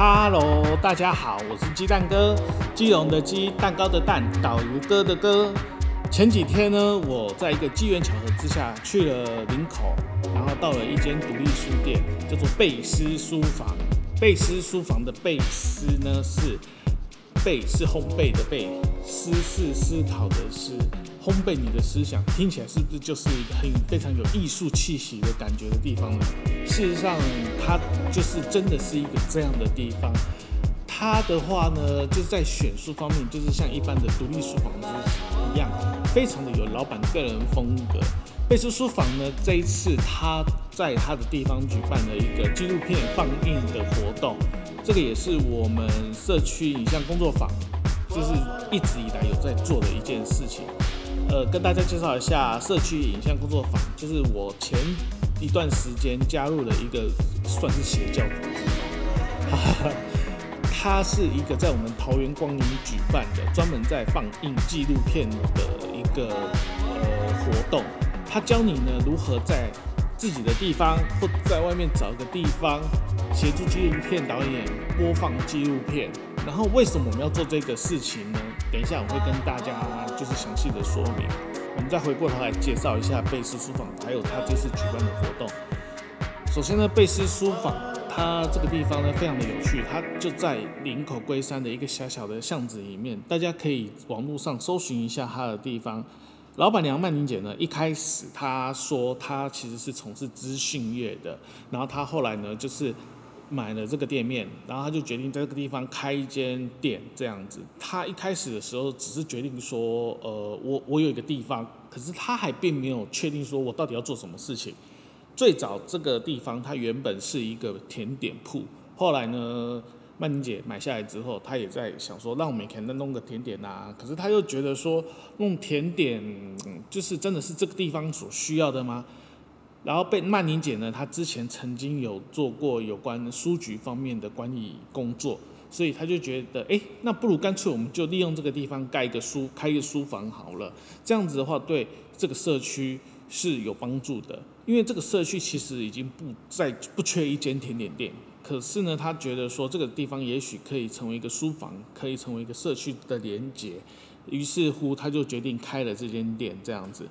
哈嘍，Hello, 大家好，我是雞蛋哥，基隆的雞，蛋糕的蛋，導遊哥的哥。前幾天呢，我在一個機緣巧合之下去了林口，然後到了一間獨立書店，叫做焙思書房。焙思書房的焙思呢，是焙是烘焙的焙，思是思考的思。豐你的思想，聽起來是不是就是一個很非常有藝術氣息、的感覺的地方呢？事實上，它就是真的是一個這樣的地方。它的話呢，就是在選書方面，就是像一般的獨立書房一樣，非常的有老板個人風格。焙思書房呢，這一次他在他的地方舉辦了一個紀錄片放映的活動，這個也是我們社區影像工作坊，就是一直以來有在做的一件事情。呃，跟大家介紹一下社區影像工作坊，就是我前一段時間加入了一個算是邪教工作坊，它是一個在我們桃園光影舉辦的，專門在放映紀錄片的一個呃活動。它教你呢，如何在自己的地方或在外面找一個地方協助紀錄片導演播放紀錄片。然後為什麼我們要做這個事情呢？等一下我會跟大家。就是詳細的說明。我們再回過頭來介紹一下焙思書房，還有他這次舉辦的活動。首先呢，焙思書房它這個地方呢非常的有趣，它就在林口龜山的一個小小的巷子裡面，大家可以網絡上搜尋一下它的地方。老闆娘曼寧姐呢，一開始她說她其實是從事資訊業的，然後她後來呢就是。買了這個店面，然後他就決定在這個地方開一間店這樣子。他一開始的時候只是決定說，呃，我我有一個地方，可是他還並沒有確定說我到底要做什麼事情。最早這個地方它原本是一個甜點鋪，後來呢，曼寧姐買下來之後，她也在想說，那我們也可以再弄個甜點吶、啊。可是她又覺得說，弄甜點就是真的是這個地方所需要的嗎？然後被曼寧姐呢，她之前曾經有做過有關書局方面的管理工作，所以她就覺得，哎，那不如乾脆我們就利用這個地方蓋一個書，開一個書房好了。這樣子的話，對這個社區是有幫助的，因為這個社區其實已經不再不缺一間甜點店，可是呢，她覺得說，這個地方也許可以成為一個書房，可以成為一個社區的連結，於是乎她就決定開了這間店，這樣子。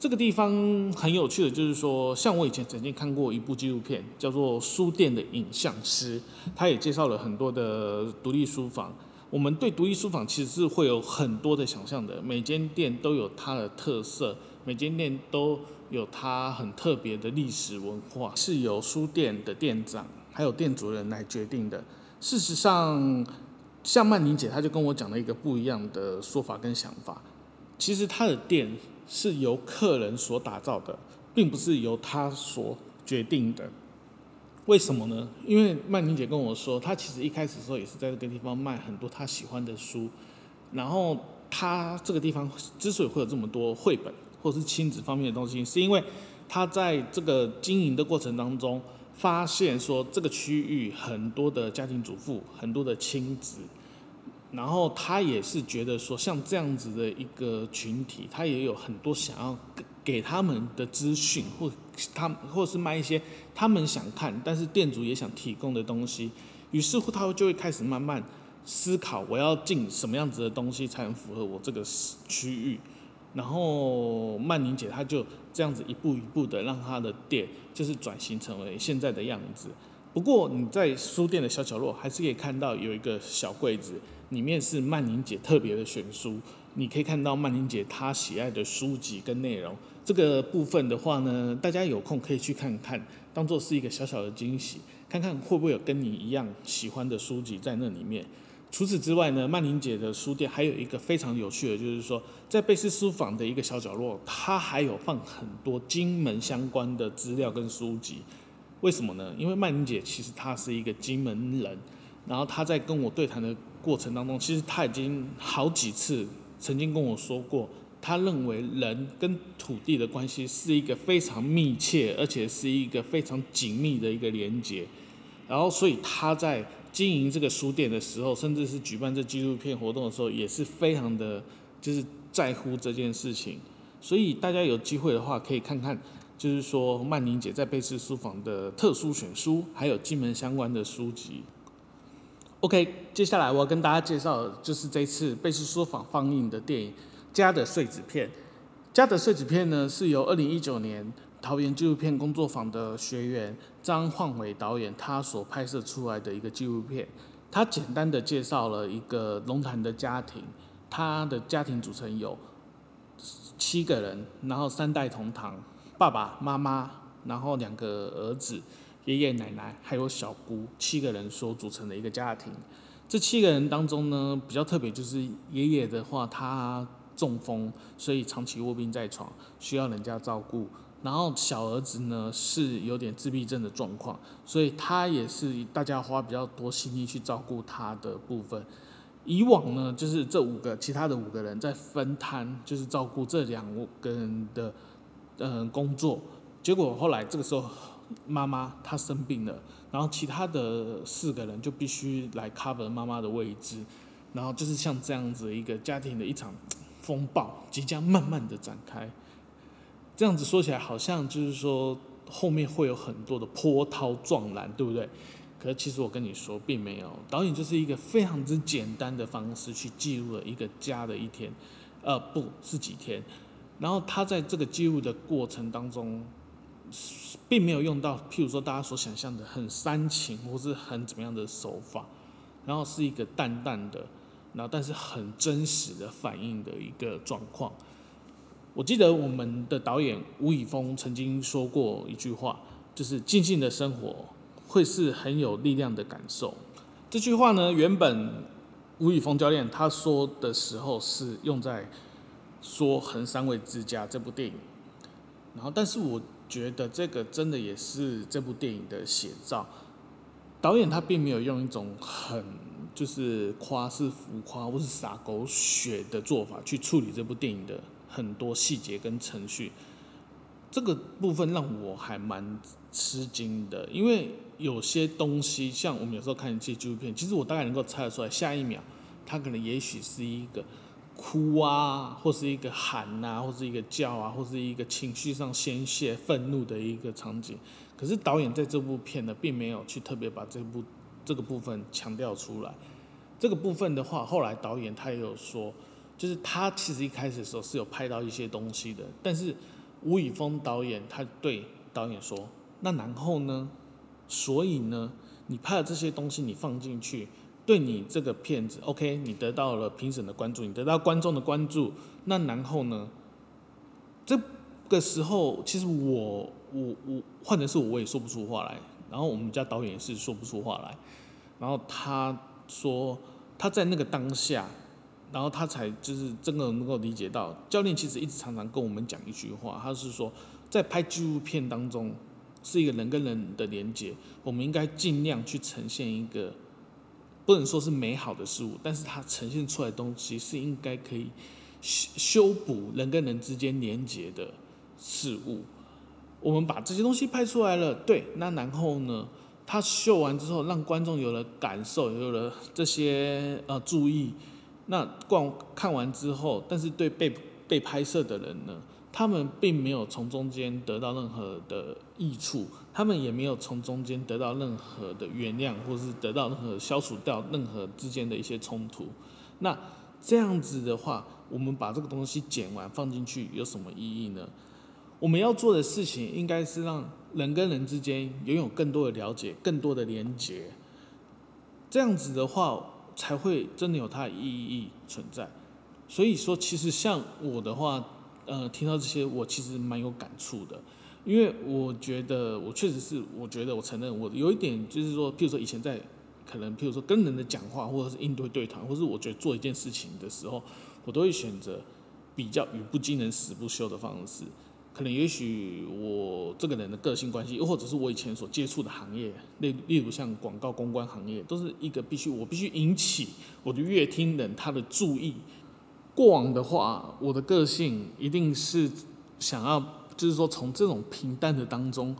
這個地方很有趣的，就是說，像我以前曾經看過一部紀錄片，叫做《書店的影像師》，他也介紹了很多的獨立書房。我們對獨立書房其實是會有很多的想象的，每間店都有它的特色，每間店都有它很特別的歷史文化，是由書店的店長還有店主人來決定的。事實上，像曼寧姐，她就跟我講了一個不一樣的說法跟想法。其實她的店。是由客人所打造的，並不是由他所決定的。為什麼呢？因為曼寧姐跟我說，她其實一開始的時候也是在這個地方賣很多她喜歡的書。然後她這個地方之所以會有這麼多繪本，或者是親子方面的東西，是因為她在這個經營的過程當中，發現說這個區域很多的家庭主婦，很多的親子。然後他也是覺得說，像這樣子的一個群體，他也有很多想要給他們的資訊，或他或是賣一些他們想看，但是店主也想提供的東西。於是乎，他就會開始慢慢思考，我要進什麼樣子的東西才能符合我這個區域。然後曼寧姐她就這樣子一步一步的讓她的店就是轉型成為現在的樣子。不過你在書店的小角落還是可以看到有一個小櫃子。裡面是曼寧姐特別的選書，你可以看到曼寧姐她喜愛的書籍跟內容。這個部分的話呢，大家有空可以去看看，當做是一個小小的驚喜，看看會不會有跟你一樣喜歡的書籍在那裡面。除此之外呢，曼寧姐的書店還有一個非常有趣的，就是說在焙思書房的一個小角落，她還有放很多金門相關的資料跟書籍。為什麼呢？因為曼寧姐其實她是一個金門人，然後她在跟我對談的。過程當中，其實他已經好幾次曾經跟我說過，他認為人跟土地的關係是一個非常密切，而且是一個非常緊密的一個連接。然後，所以他在經營這個書店的時候，甚至是舉辦這紀錄片活動的時候，也是非常的就是在乎這件事情。所以大家有機會的話，可以看看，就是說曼寧姐在焙思書房的特殊選書，還有金門相關的書籍。OK，接下來我要跟大家介紹的就是這次焙思書房放映的電影《家的碎紙片》。《家的碎紙片》呢，是由二零一九年桃園紀錄片工作坊的學員張煥偉導演他所拍攝出來的一個紀錄片。他簡單的介紹了一個龍潭的家庭，他的家庭組成有七個人，然後三代同堂，爸爸媽媽，然後兩個兒子。爺爺奶奶還有小姑，七個人所組成的一個家庭。這七個人當中呢，比較特別就是爺爺的話，他中風，所以長期臥病在床，需要人家照顧。然後小兒子呢，是有點自閉症的狀況，所以他也是大家花比較多心力去照顧他的部分。以往呢，就是這五個其他的五個人在分攤，就是照顧這兩個人的嗯、呃、工作。結果後來這個時候。媽媽她生病了，然後其他的四個人就必須來 cover 媽媽的位置，然後就是像這樣子一個家庭的一場風暴即將慢慢的展開。這樣子說起來好像就是說後面會有很多的波濤壯瀾，對不對？可是其實我跟你說並沒有，導演就是一個非常之簡單的方式去記錄了一個家的一天，呃，不是幾天，然後他在這個記錄的過程當中。並沒有用到，譬如說大家所想象的很煽情，或是很怎麼樣的手法，然後是一個淡淡的，然後但是很真實的反映的一個狀況。我記得我們的導演吳宇峰曾經說過一句話，就是“靜靜的生活會是很有力量的感受”。這句話呢，原本吳宇峰教練他說的時候是用在說《橫山家之味》這部電影，然後但是我。覺得這個真的也是這部電影的寫照，導演他並沒有用一種很就是誇飾、浮誇或是灑狗血的做法去處理這部電影的很多細節跟程序，這個部分讓我還蠻吃驚的，因為有些東西像我們有時候看一些紀錄片，其實我大概能夠猜得出來，下一秒他可能也許是一個。哭啊，或是一個喊吶、啊，或是一個叫啊，或是一個情緒上宣洩憤怒的一個場景。可是導演在這部片呢，並沒有去特別把這部這個部分強調出來。這個部分的話，後來導演他也有說，就是他其實一開始的時候是有拍到一些東西的。但是吳宇峰導演他對導演說，那然後呢？所以呢，你拍了這些東西你放進去。對你這個片子，OK，你得到了評審的關注，你得到觀眾的關注，那然後呢？這個時候，其實我我我換成是我，我，是我也說不出話來。然後我們家導演也是說不出話來。然後他說他在那個當下，然後他才就是真的能夠理解到教練其實一直常常跟我們講一句話，他是說在拍紀錄片當中是一個人跟人的連接，我們應該盡量去呈現一個。不能說是美好的事物，但是它呈現出來的東西是應該可以修修補人跟人之間連接的事物。我們把這些東西拍出來了，對，那然後呢？它秀完之後，讓觀眾有了感受，有了這些呃注意。那觀看完之後，但是對被被拍攝的人呢，他們並沒有從中間得到任何的益處。他們也沒有從中間得到任何的原諒，或是得到任何消除掉任何之間的一些衝突。那這樣子的話，我們把這個東西剪完放進去有什麼意義呢？我們要做的事情應該是讓人跟人之間擁有更多的了解，更多的連接。這樣子的話，才會真的有它的意義存在。所以說，其實像我的話，呃，聽到這些，我其實蠻有感觸的。因為我覺得，我確實是，我覺得我承認，我有一點就是說，譬如說以前在可能，譬如說跟人的講話，或者是應對對談，或是我覺得做一件事情的時候，我都會選擇比較語不驚人死不休的方式。可能也許我這個人的個性關係，又或者是我以前所接觸的行業，例例如像廣告公關行業，都是一個必須我必須引起我的閱聽人他的注意。過往的話，我的個性一定是想要。就是說，從這種平淡的當中，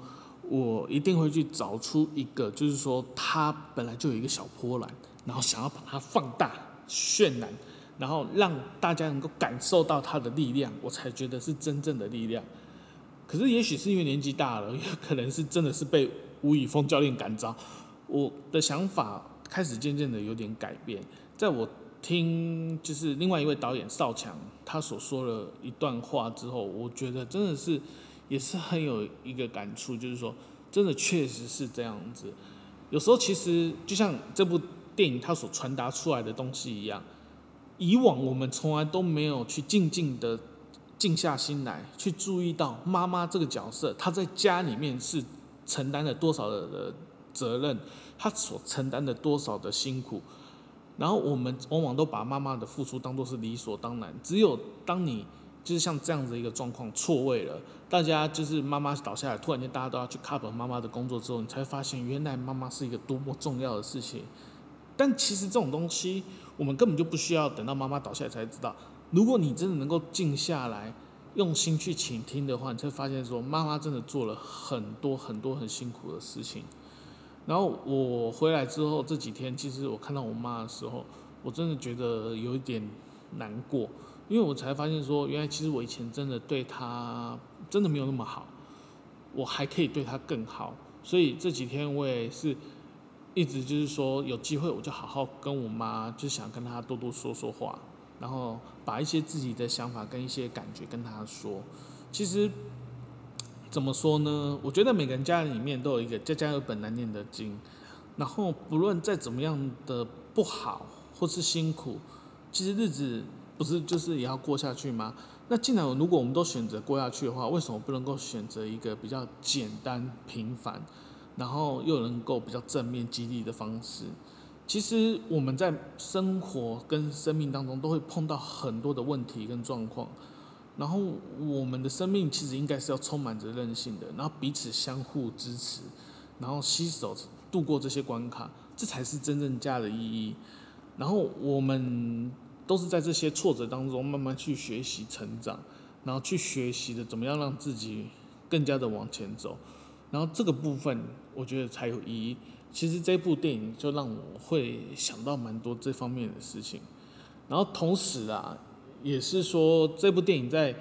我一定會去找出一個，就是說，他本來就有一個小波瀾，然後想要把它放大、渲染，然後讓大家能夠感受到他的力量，我才覺得是真正的力量。可是，也許是因為年紀大了，也可能是真的是被吳宇峰教練感召，我的想法開始漸漸的有點改變，在我。聽就是另外一位導演邵強他所說了一段話之後，我覺得真的是也是很有一個感觸，就是說，真的確實是這樣子。有時候其實就像這部電影它所傳達出來的東西一樣，以往我們從來都沒有去靜靜的靜下心來去注意到媽媽這個角色，她在家裡面是承擔了多少的責任，她所承擔的多少的辛苦。然後我們往往都把媽媽的付出當作是理所當然。只有當你就是像這樣子一個狀況錯位了，大家就是媽媽倒下來，突然間大家都要去 cover 媽媽的工作之後，你才發現原來媽媽是一個多麼重要的事情。但其實這種東西我們根本就不需要等到媽媽倒下來才知道。如果你真的能夠靜下來，用心去傾聽的話，你才發現說媽媽真的做了很多很多很辛苦的事情。然後我回來之後這幾天，其實我看到我媽的時候，我真的覺得有一點難過，因為我才發現說，原來其實我以前真的對她真的沒有那麼好，我還可以對她更好，所以這幾天我也是，一直就是說有機會我就好好跟我媽，就想跟她多多說說話，然後把一些自己的想法跟一些感覺跟她說，其實。怎麼說呢？我覺得每個人家裡面都有一個“家家有本難念的經”，然後不論再怎麼樣的不好或是辛苦，其實日子不是就是也要過下去嗎？那既然如果我們都選擇過下去的話，為什麼不能夠選擇一個比較簡單、平凡，然後又能夠比較正面激勵的方式？其實我們在生活跟生命當中都會碰到很多的問題跟狀況。然後我們的生命其實應該是要充滿着韌性的，然後彼此相互支持，然後攜手度過這些關卡，這才是真正家的意義。然後我們都是在這些挫折當中慢慢去學習成長，然後去學習的怎麼樣讓自己更加的往前走。然後這個部分我覺得才有意義。其實這部電影就讓我會想到蠻多這方面的事情。然後同時啊。也是說，這部電影在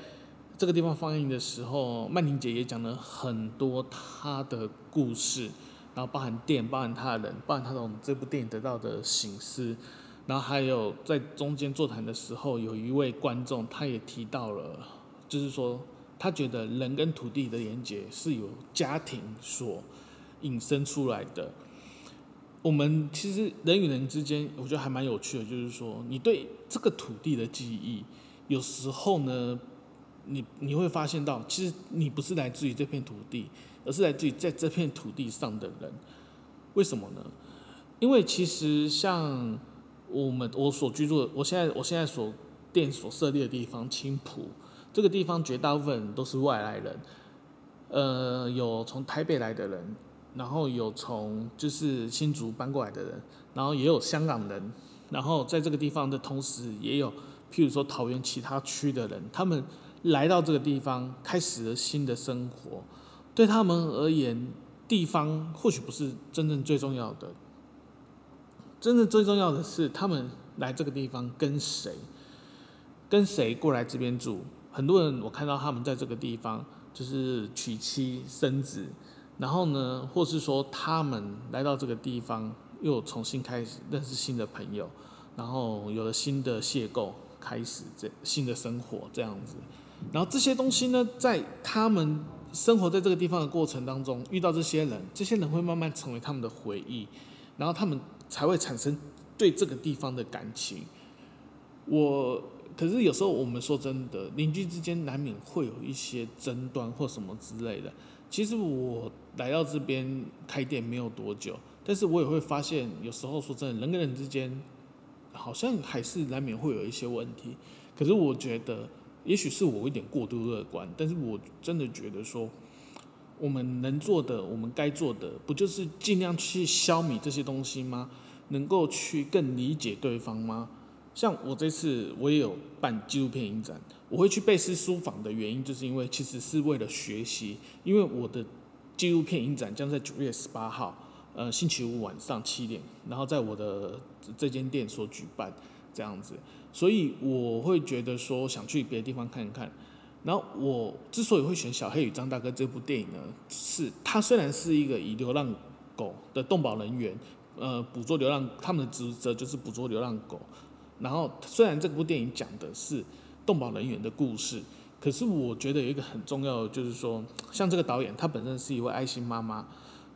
這個地方放映的時候，曼婷姐也講了很多她的故事，然後包含電影，包含她的人，包含她從這，這部電影得到的省思，然後還有在中間座談的時候，有一位觀眾，他也提到了，就是說他覺得人跟土地的連接是由家庭所引申出來的。我們其實人與人之間，我覺得還蠻有趣的，就是說，你對這個土地的記憶，有時候呢，你你會發現到，其實你不是來自於這片土地，而是來自於在這片土地上的人。為什麼呢？因為其實像我們我所居住的，我現在我現在所店所設立的地方，青埔，這個地方，絕大部分都是外來人，呃，有從台北來的人。然後有從就是新竹搬過來的人，然後也有香港人，然後在這個地方的同時，也有譬如說桃園其他區的人，他們來到這個地方，開始了新的生活。對他們而言，地方或許不是真正最重要的，真正最重要的是他們來這個地方跟誰，跟誰過來這邊住。很多人我看到他們在這個地方就是娶妻生子。然後呢，或是說他們來到這個地方，又重新開始認識新的朋友，然後有了新的邂逅，開始這新的生活這樣子。然後這些東西呢，在他們生活在這個地方的過程當中，遇到這些人，這些人會慢慢成為他們的回憶，然後他們才會產生對這個地方的感情。我可是有時候我們說真的，鄰居之間難免會有一些爭端或什麼之類的。其實我。來到這邊開店沒有多久，但是我也會發現，有時候說真的，人跟人之間好像還是難免會有一些問題。可是我覺得，也許是我有一點過度樂觀，但是我真的覺得說，我們能做的，我們該做的，不就是盡量去消弭這些東西嗎？能夠去更理解對方嗎？像我這次我也有辦紀錄片影展，我會去焙思書房的原因，就是因為其實是為了學習，因為我的。紀錄片影展將在九月十八號，呃，星期五晚上七點，然後在我的這間店所舉辦，這樣子，所以我會覺得說想去別的地方看一看。然後我之所以會選《小黑與張大哥》這部電影呢，是他雖然是一個以流浪狗的動保人員，呃，捕捉流浪，他們的職責就是捕捉流浪狗。然後雖然這部電影講的是動保人員的故事。可是我覺得有一個很重要的，就是說，像這個導演，他本身是一位愛心媽媽。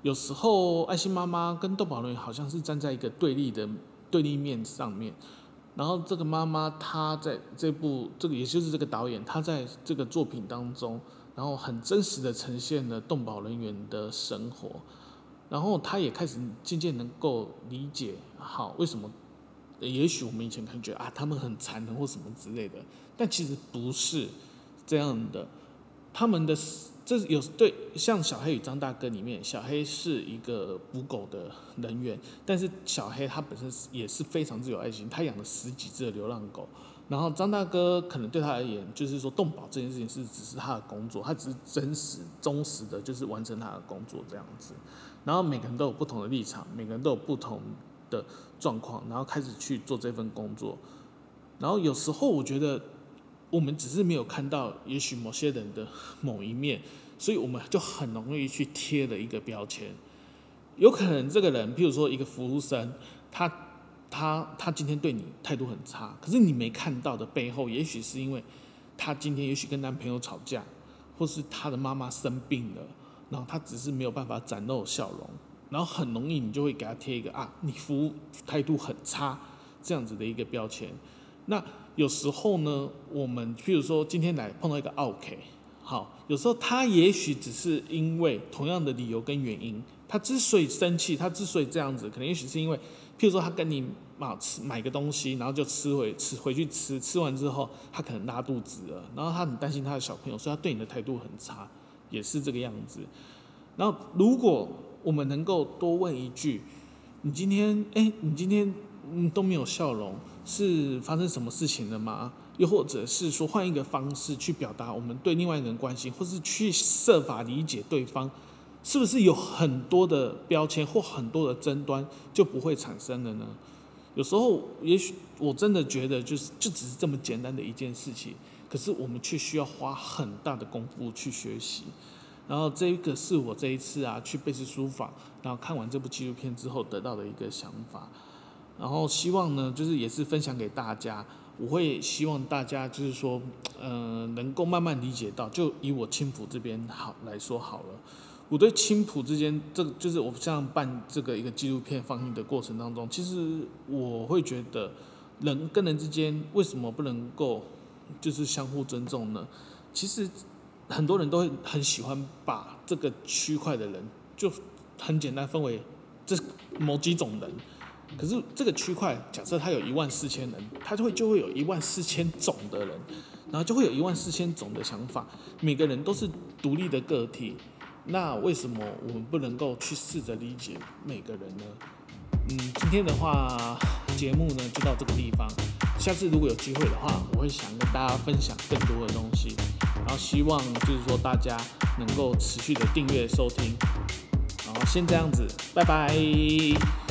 有時候愛心媽媽跟動保人員好像是站在一個對立的對立面上面。然後這個媽媽，她在這部這個，也就是這個導演，他在這個作品當中，然後很真實的呈現了動保人員的生活。然後他也開始漸漸能夠理解，好，為什麼？也許我們以前感覺啊，他們很殘忍或什麼之類的，但其實不是。這樣的，他們的這是有對，像小黑與張大哥裡面，小黑是一個捕狗的人員，但是小黑他本身也是非常之有愛心，他養了十幾隻的流浪狗。然後張大哥可能對他而言，就是說動保這件事情是只是他的工作，他只是真實忠實的，就是完成他的工作這樣子。然後每個人都有不同的立場，每個人都有不同的狀況，然後開始去做這份工作。然後有時候我覺得。我們只是沒有看到，也許某些人的某一面，所以我們就很容易去貼了一個標籤。有可能這個人，譬如說一個服務生，他他他今天對你態度很差，可是你沒看到的背後，也許是因為他今天也許跟男朋友吵架，或是他的媽媽生病了，然後他只是沒有辦法展露笑容，然後很容易你就會給他貼一個啊，你服務態度很差這樣子的一個標籤。那有時候呢，我們譬如說今天來碰到一個奧客。好，有時候他也許只是因為同樣的理由跟原因，他之所以生氣，他之所以這樣子，可能也許是因為，譬如說他跟你嘛吃買個東西，然後就吃回吃回去吃，吃完之後他可能拉肚子了，然後他很擔心他的小朋友，所以他對你的態度很差，也是這個樣子。然後如果我們能夠多問一句，你今天誒、欸，你今天。嗯，都沒有笑容，是發生什麼事情了嗎？又或者是說，換一個方式去表達我們對另外一個人關心，或是去設法理解對方，是不是有很多的標籤或很多的爭端就不會產生了呢？有時候，也許我真的覺得，就是就只是這麼簡單的一件事情，可是我們卻需要花很大的功夫去學習。然後，這個是我這一次啊去焙思書房，然後看完這部紀錄片之後得到的一個想法。然後希望呢，就是也是分享給大家。我會希望大家就是說，嗯、呃，能夠慢慢理解到。就以我青埔這邊好來說好了，我對青埔之間，這個、就是我想辦這個一個紀錄片放映的過程當中，其實我會覺得人跟人之間為什麼不能夠就是相互尊重呢？其實很多人都會很喜歡把這個區塊的人就很簡單分為這某幾種人。可是這個區塊，假設它有一萬四千人，它就會就會有一萬四千種的人，然後就會有一萬四千種的想法。每個人都是獨立的個體，那為什麼我們不能夠去試着理解每個人呢？嗯，今天的話，節目呢就到這個地方。下次如果有機會的話，我會想跟大家分享更多的東西。然後希望就是說大家能夠持續的訂閱收聽。然後先這樣子，拜拜。